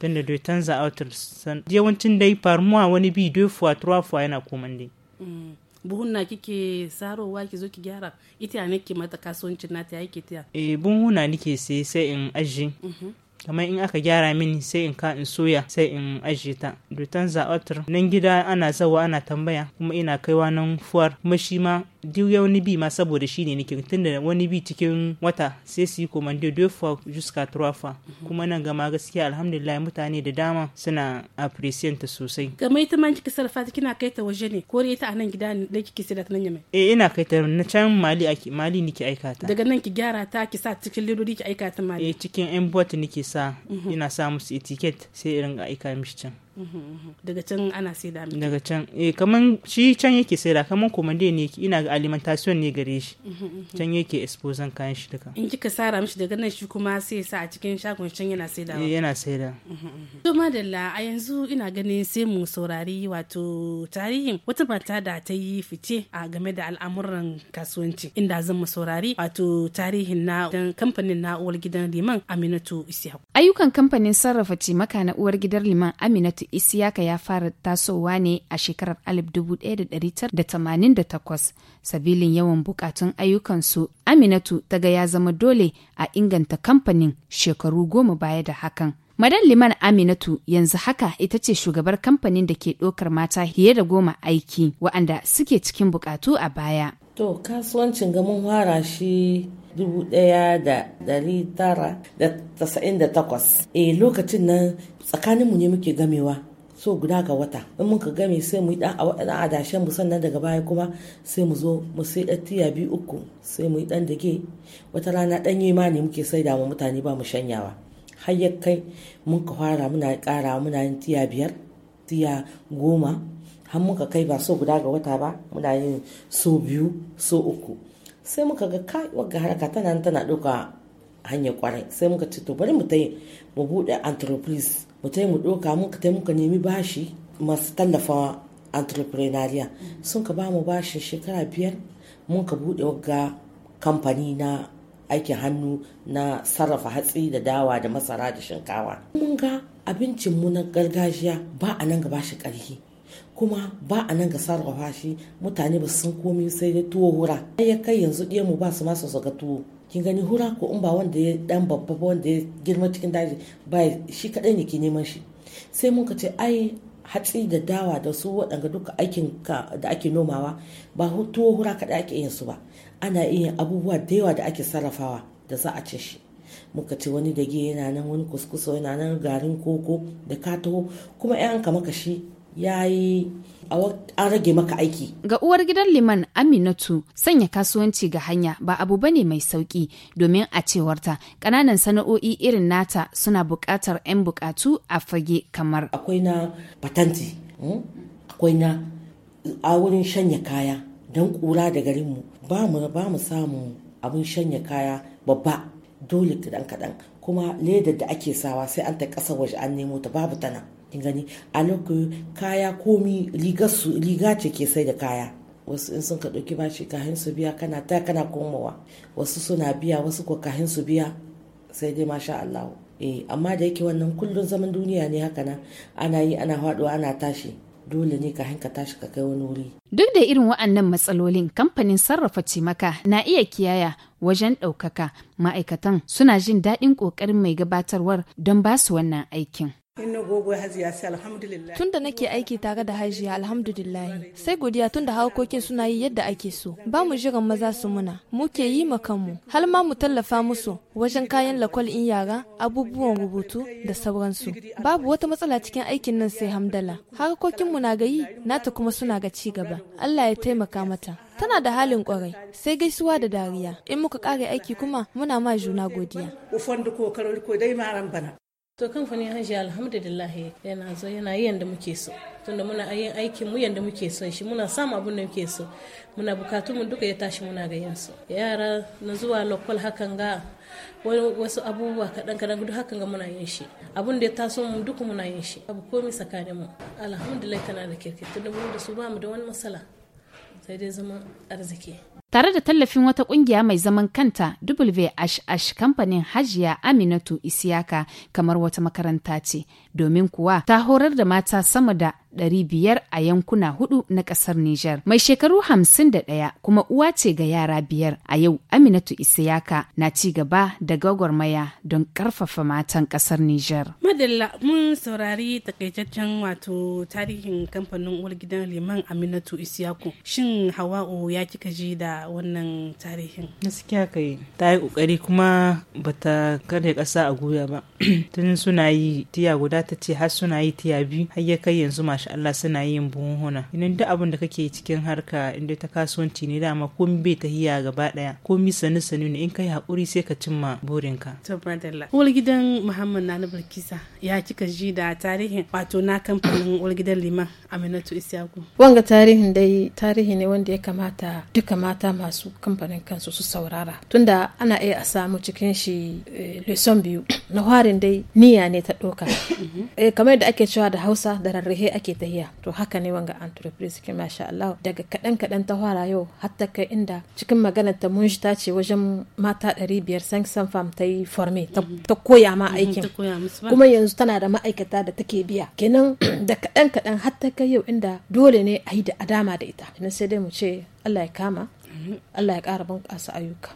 da doi tanza outer san yawancin dai farmuwa wani bi doi fuwa trois fuwa yana koman dai mm. buhunna kike sarowa ki zo ki gyara ita ne ke mata kasuwancin nata yake tiya eh buhunna nike sai sai in aji mhm. kamar in aka gyara mini sai in ka in soya sai in ajiye ta dutan za'atar nan gida ana zawa ana tambaya kuma ina kaiwa nan fuwar kuma shi ma duk wani bi ma saboda shi ne nake tunda wani bi cikin wata sai su yi komando deux fois jusqu'à trois mhm. kuma nan gama gaskiya alhamdulillah mutane da dama suna appreciate ta sosai kamar ita ma kika sarrafa kina kai ta waje ne ko ita nan gida ne da kike sai da nan yamai eh ina kai ta na can mali ake mali aika ta daga nan ki gyara ta ki sa cikin ledodi ki aika ta mali eh cikin yan bot sa mhm. ina sa musu etiquette sai irin aika mishi can daga can ana da miki daga can eh kaman shi can yake saida kaman komande ne yake ina ga alimentation ne gare shi mhm, mhm, mhm. can yake exposing kayan shi duka in kika sara mishi daga nan shi kuma sai sa a cikin shagon can yana saida eh yana saida to madalla a yanzu ina ganin sai mu saurari wato tarihin wata mata da ta yi fice a game da al'amuran kasuwanci inda zan mu saurari wato tarihin na kamfanin na uwar gidan liman Aminatu Isiyaku ayyukan kamfanin sarrafa cimaka na uwar gidan liman Aminatu Isiyaka ya fara tasowa ne a shekarar 1988 sabilin yawan bukatun ayyukansu Aminatu ta ga ya zama dole a inganta kamfanin shekaru goma baya da hakan. Madan Liman Aminatu yanzu haka ita ce shugabar kamfanin da ke ɗaukar mata fiye da goma aiki wa'anda suke cikin bukatu a baya. To kasuwancin ga mun fara shi 1998. Eh lokacin nan mu ne muke gamewa so guda ga wata in muka game sai mu yi dan a adashen mu sannan daga baya kuma sai mu zo mu sai ɗan tiya biyu uku sai mu yi dan dage wata rana dan yi ma ne muke saida ma mutane ba mu shanyawa har ya kai mun ka fara muna kara muna yin tiya biyar tiya goma har muka kai ba so guda ga wata ba muna yin so biyu so uku sai muka ga kai wagga haraka tana tana ɗauka hanyar kwarai sai muka ce to bari mu ta mu bude entreprise mu ta mu ɗauka muka tai muka nemi bashi masu tallafa entrepreneurial sun ka ba mu bashin shekara biyar mun ka bude wagga kamfani na aikin hannu na sarrafa hatsi da dawa da masara da shinkawa mun ga abincinmu na gargajiya ba a nan gaba shi ƙarfi kuma ba a nan ga sarrafa shi mutane ba sun komi sai dai tuwo hura ya kai yanzu ɗiyan mu ba su masa su tuwo kin gani hura ko in ba wanda ya dan babba ba wanda ya girma cikin daji ba shi kadai ne ke neman shi sai mun ka ce ai hatsi da dawa da su waɗanda duka aikin da ake nomawa ba tuwo hura kadai ake yin su ba ana iya abubuwa da yawa da ake sarrafawa da za a ce shi muka ce wani dage yana nan wani kuskusa yana nan garin koko da ka taho kuma yan ka maka shi ya yi an rage maka aiki. Ga uwar gidan Liman Aminatu sanya kasuwanci ga hanya ba abu bane mai sauki domin a cewarta kananan sana'o'i irin nata suna buƙatar 'yan buƙatu a fage kamar. Akwai na patanti, hmm? akwai na a wurin shanya kaya don ƙura da garinmu ba mu ba mu samu abin shanya kaya babba dole kaɗan kaɗan kuma ledar da ake sawa sai an ta ƙasa waje an nemo ta babu tana. kin gani a lokacin kaya komi riga ce ke sai da kaya wasu in sun ka ɗauki bashi kahin su biya kana ta kana komawa wasu suna biya wasu ko kahin su biya sai dai masha Allah eh amma da yake wannan kullun zaman duniya ne haka nan ana yi ana faɗuwa ana tashi dole ne ka tashi ka kai wani wuri. Duk da irin waɗannan matsalolin kamfanin sarrafa cimaka na iya kiyaya wajen ɗaukaka ma'aikatan suna jin daɗin ƙoƙarin mai gabatarwar don ba su wannan aikin. Tunda nake aiki tare da hajiya alhamdulillah. Sai godiya tunda harkokin suna yi yadda ake so. Ba mu jiran maza su muna. Muke yi ma kanmu. Har ma mu tallafa musu wajen kayan lakwal in yara, abubuwan rubutu da sauransu. Babu wata matsala cikin aikin nan sai hamdala. Harkokin mu na gayi, nata kuma suna ga ci gaba. Allah ya taimaka mata. Tana da halin kwarai, sai gaisuwa da dariya. In muka kare aiki kuma muna ma juna godiya. To kamfanin hajji alhamdulillah yana zo yana yi yadda muke so tunda muna yin aikin mu yanda muke so shi muna samu abin da muke so muna bukatu mu duka ya tashi muna ga yin yara na zuwa lokal hakan ga wasu abubuwa kadan kadan duk hakan ga muna yin shi abin da ya taso mu duka muna yin shi abu komai tsakanin mu alhamdulillah tana da kirki tunda mu da su ba mu da wani matsala sai dai zama arziki. Tare da tallafin wata kungiya mai zaman kanta WHH kamfanin Hajiya Aminatu Isiyaka kamar wata makaranta ce, domin kuwa ta horar da mata sama da biyar a yankuna hudu na kasar Nijar. Mai shekaru hamsin da ɗaya kuma uwa ce ga yara biyar a yau Aminatu Isiyaka na ci gaba da gwagwarmaya don karfafa matan kasar Nijar. Madalla mun saurari takaitaccen wato tarihin kamfanin uwar gidan Liman Aminatu Isiyaku. Shin Hawa'u ya kika ji da wannan tarihin? Gaskiya kai ta yi kokari kuma bata karya kasa a goya ba. Tun suna yi tiya guda ta ce har suna yi tiya biyu har ya kai yanzu mashi masha Allah suna yin buhuna inda duk abin da kake cikin harka inda ta kasuwanci ne dama komi bai ta hiya gaba daya komi sani sani ne in kai hakuri sai ka cimma burinka tabbatarla gidan Muhammad Nani Bilkisa ya kika ji da tarihin wato na kamfanin gidan Liman Aminatu isyaku wanga tarihin dai tarihi ne wanda ya kamata duka mata masu kamfanin kansu su saurara tunda ana iya a samu cikin shi eh, lesson biyu na harin dai niyya ne ta doka mm-hmm. eh, kamar da ake cewa da Hausa da rarrahe ake tahiya to haka ne wanga entreprise ke masha Allah daga kaɗan kaɗan ta fara yau hatta kai inda cikin maganar ta mun ta ce wajen mata 500 san farm ta yi forme mhm. ta koya ma mhm, aikin kuma yanzu tana da ma'aikata da take biya kenan da kaɗan kaɗan hatta kai yau inda dole ne a yi da adama da ita sai dai mu ce Allah ya kama Allah ya ƙara bunƙasa ayyuka.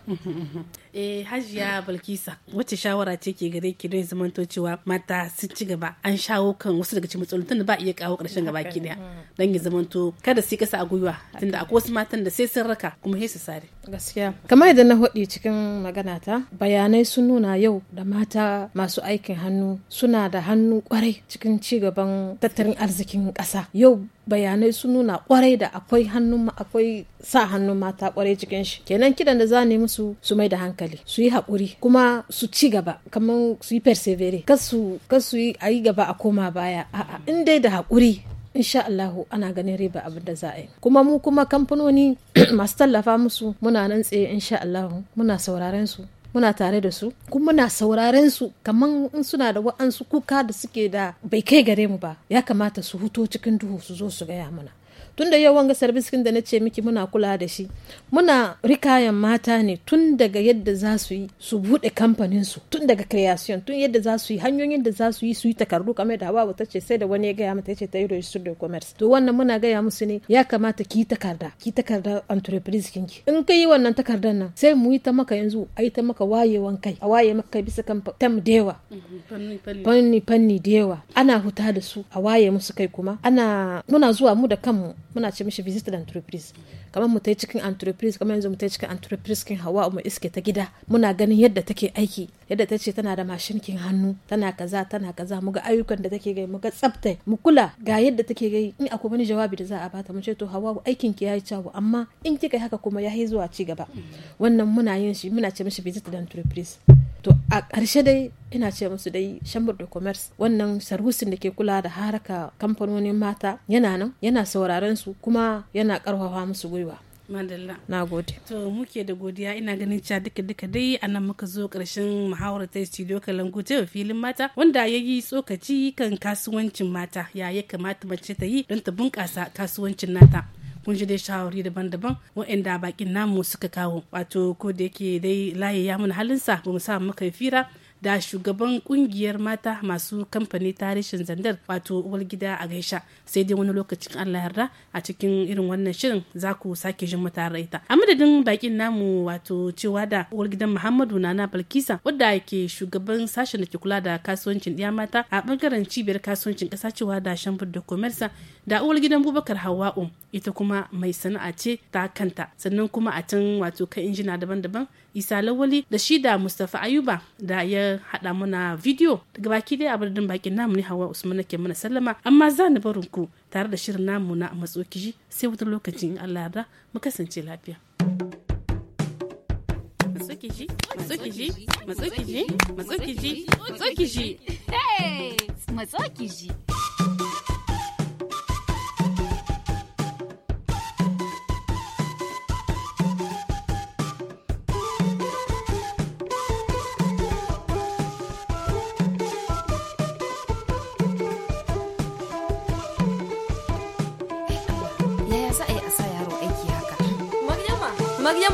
Eh Hajiya Balkisa wacce shawara ce ke gare ki don to cewa mata sun ci gaba an shawo kan wasu daga cikin matsalolin tunda ba iya kawo ƙarshen gaba ki daya ya zamanto kada su kasa a gwiwa tunda akwai wasu matan da sai sun raka kuma sai su sare. Gaskiya kamar yadda na hodi cikin magana ta bayanai sun nuna yau da mata masu aikin hannu suna da hannu kwarai cikin ci gaban tattalin arzikin ƙasa yau bayanai sun nuna kwarai da akwai hannun akwai sa hannun mata kwarai cikin shi kenan kidan da za ne musu su mai da hankali su yi haƙuri kuma su ci gaba kamar su yi persevere kasu kasu yi a yi gaba a koma baya a'a in dai da haƙuri insha Allahu ana ganin riba abin da za a yi kuma mu kuma kamfanoni masu tallafa musu muna nan tsaye insha Allahu muna sauraren su muna tare da su kuma muna sauraren su kaman in suna da wa'ansu kuka da suke da bai kai gare mu ba ya kamata su huto cikin duhu su zo su gaya mana tun da yawan service da na ce miki muna kula da shi muna rikayan mata ne tun daga yadda za su yi su bude kamfanin tun daga creation tun yadda za su yi hanyoyin da za su yi su yi takardu kamar da hawa ta ce sai da wani ya gaya mata ce ta yi register da commerce to wannan muna gaya musu ne ya kamata ki takarda ki takarda entreprise kinki in ka yi wannan takardar nan sai mu yi ta maka yanzu a yi ta maka wayewan kai a waye maka kai bisa kan tam dewa mhm, fanni fanni dewa ana huta da su a waye musu kai kuma ana muna zuwa mu da kanmu muna ce mishi visitor entreprise kamar mu ta cikin entreprise kamar yanzu mu ta cikin entreprise kin hawa mu iske ta gida muna ganin yadda take aiki yadda ta ce tana da mashin kin hannu tana kaza tana kaza mu ga ayyukan da take gai mu ga tsafta mu kula ga yadda take gai in akwai wani jawabi da za a bata mu ce to hawa aikin ki yayi cawo amma in kika yi haka kuma ya yayi zuwa ci gaba wannan muna yin shi muna ce mishi visitor entreprise to a ƙarshe dai ina ce musu dai chamber de commerce wannan sarhusin da ke kula da haraka kamfanonin mata yana nan yana sauraron su kuma yana karfafa musu gwiwa madalla na gode to muke da godiya ina ganin cewa duka duka dai a nan muka zo karshen muhawara ta studio kalangu ta filin mata wanda ya yi tsokaci kan kasuwancin mata ya ya kamata mace ta yi don ta bunƙasa kasuwancin nata kun ji dai shawari daban-daban waɗanda bakin namu suka kawo wato ko da yake dai layi ya mun halinsa ba mu sa muka fira da shugaban kungiyar mata masu kamfani tarishin zandar wato uwar a gaisha sai dai wani lokacin allah yarda a cikin irin wannan shirin za ku sake jin mu tare a madadin bakin namu wato cewa da uwar gidan muhammadu nana balkisa wadda ke shugaban sashen da ke kula da kasuwancin ɗiya mata a bangaren cibiyar kasuwancin kasa cewa da shambar da komersa da uwar gidan bubakar hawa'u ita kuma mai sana'a ce ta kanta sannan kuma a can wato kan injina daban-daban isa lawali da shi da mustapha ayuba da ya haɗa mana video daga baki dai a birnin bakin namu ne hawa usman nake mana sallama amma za ni barin ku tare da shirin namu na matso kiji sai wata lokacin allah da mu kasance lafiya matsukiji matso kiji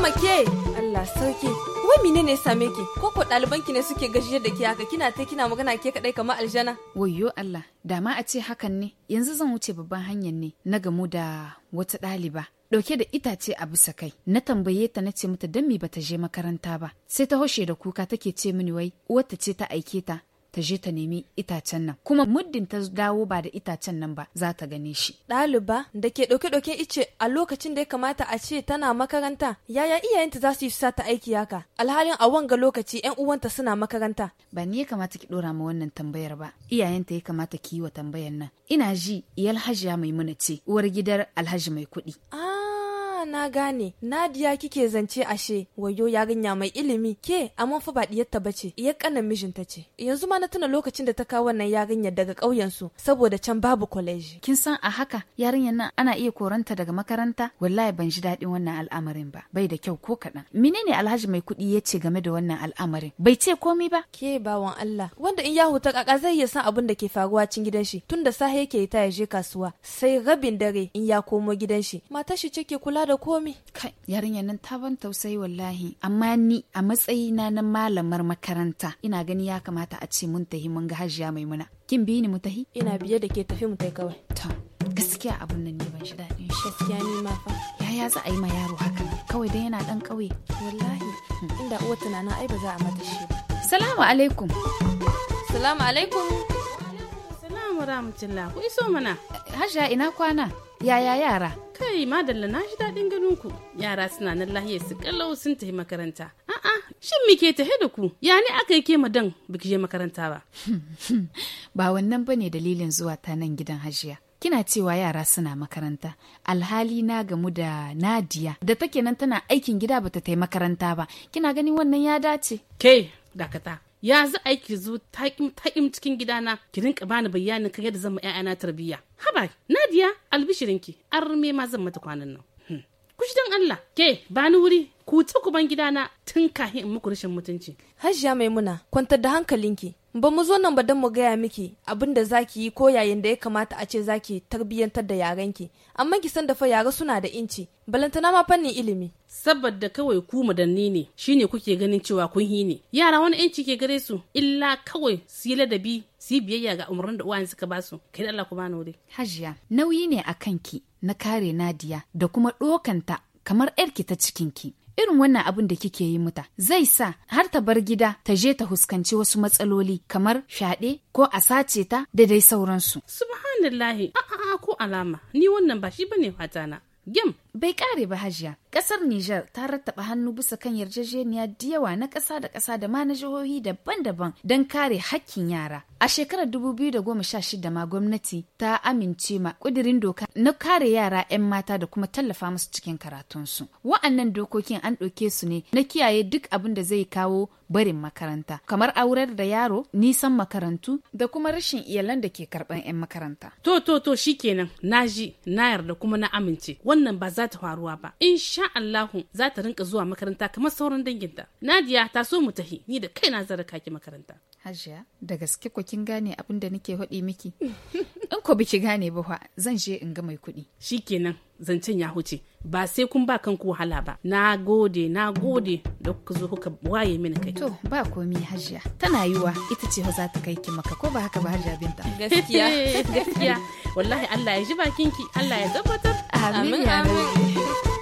Umma ke Allah sauke wai menene ne same ki ko ko ɗaliban ki ne suke gajiyar da ke haka kina ta kina magana ke kadai kamar aljana wayyo Allah da ma a ce hakan ne yanzu zan wuce babban hanyar ne na gamu da wata ɗaliba ɗauke da itace a bisa kai na tambaye ta na ce mata dan me bata je makaranta ba sai ta hoshe da kuka take ce mini wai uwarta ce ta aike ta ta je ta nemi itacen nan kuma muddin ta dawo ba da itacen nan ba za ta gane shi ɗaliba da ke ɗauke ɗauke ice a lokacin da ya kamata a ce tana makaranta yaya iyayenta za su yi sa ta aiki haka alhalin a wanga lokaci yan uwanta suna makaranta ba ni ya kamata ki ɗora ma wannan tambayar ba iyayenta ya kamata ki yi wa tambayar nan ina ji iyal hajiya maimuna ce uwar gidar alhaji mai kuɗi ah na gane, Nadiya kike zance ashe, wayo yarinya mai ilimi ke amma fa ba diyarta bace, iyar kanan mijinta ce. Yanzu ma na tuna lokacin da ta kawo wannan yarinya daga ƙauyen su saboda can babu kwaleji. Kin san a haka yarinyar nan ana iya koranta daga makaranta? Wallahi ban ji daɗin wannan al'amarin ba, bai da kyau ko kaɗan. Menene Alhaji mai kuɗi ya ce game da wannan al'amarin? Bai ce komai ba? Ke bawan Allah, wanda in ya huta kaka zai iya san abin da ke faruwa cikin gidan shi, tun da yake ta ya je kasuwa, sai rabin dare in ya komo gidan shi. Matar shi ce ke kula da da komi kai yarinya nan ta ban tausayi wallahi amma ni a matsayina na malamar makaranta ina gani ya kamata a ce mun tahi mun ga hajiya mai muna kin bi ni mu tahi ina biye da ke tafi mu tai kawai to gaskiya abun nan ne ban shi daɗin shi gaskiya ni ma fa yaya za a yi ma yaro haka kawai dai yana ɗan ƙauye wallahi inda uwa tunanin ai ba za a mata shi ba salamu alaikum salamu alaikum salamu rahmatullah ku iso mana hajiya ina kwana Yaya yara? Kai madalla na shi daɗin ganin ku. Yara suna nan lahiyar su kallo sun tafi makaranta. A'a, shin me ke tahe da ku? Ya ni aka yi ke madan biki je makaranta ba? ba wannan bane dalilin zuwa ta nan gidan Hajiya. kina cewa yara suna makaranta alhali na gamu da nadiya da take nan tana aikin gida bata ta makaranta ba kina ganin wannan ya dace ke dakata ya za aiki ki zo taƙim cikin gidana ki rinka bani bayanin kan yadda zan ma ƴaƴana tarbiyya haba nadiya albishirinki arme ma zan mata kwanan nan hmm. kushi don Allah ke bani wuri ku ci kuban gidana tun kahin in muku rashin mutunci hajiya maimuna kwantar da hankalinki ba mu zo nan ba don mu gaya miki abin da za ki yi ko yayin da ya kamata a ce za ki tarbiyyantar da yarenki amma ki san da fa yare suna da inci balantana ma fannin ilimi saboda kawai ku madanni ne shine kuke ganin cewa kun hi ne yara wani inci ke gare su illa kawai su yi ladabi su yi biyayya ga umarnin da uwayen suka ba su kai Allah ku bani hajiya nauyi ne a ki na kare nadiya da kuma ɗokanta kamar 'yarki ta cikinki irin wannan abin da kike yi muta zai sa har ta bar gida ta je ta huskanci wasu matsaloli kamar fyaɗe ko a sace ta da dai sauransu subhanallah a'a ko alama ni wannan ba shi bane fatana gem bai kare ba hajiya kasar Nijar ta rattaba hannu bisa kan yarjejeniya da yawa na kasa da kasa da ma na jihohi daban-daban don kare hakkin yara a shekarar 2016 ma gwamnati ta amince ma kudirin doka na kare yara 'yan mata da kuma tallafa musu cikin karatunsu wa'annan dokokin an ɗauke su ne na kiyaye duk abin da zai kawo barin makaranta kamar aurar da yaro nisan makarantu da kuma rashin iyalan da ke karɓan 'yan makaranta to to to shikenan na ji na yarda kuma na amince wannan ba za za ta faruwa ba insha Allahu za ta rinka zuwa makaranta kamar sauran danginta nadia ta so mu tahi ni da kaina zan raka ki makaranta Hajiya da gaske ko kin gane abin da nake faɗi miki in ko biki gane ba fa zan je in ga mai kuɗi shikenan zancen ya huce ba sai kun ba kanku wahala ba na gode na gode da kuka zo kuka waye mini kai to ba komi hajiya tana yiwa ita ce za ta kai ki maka ko ba haka ba hajiya binta gaskiya gaskiya wallahi Allah ya ji bakinki Allah ya tabbatar amin amin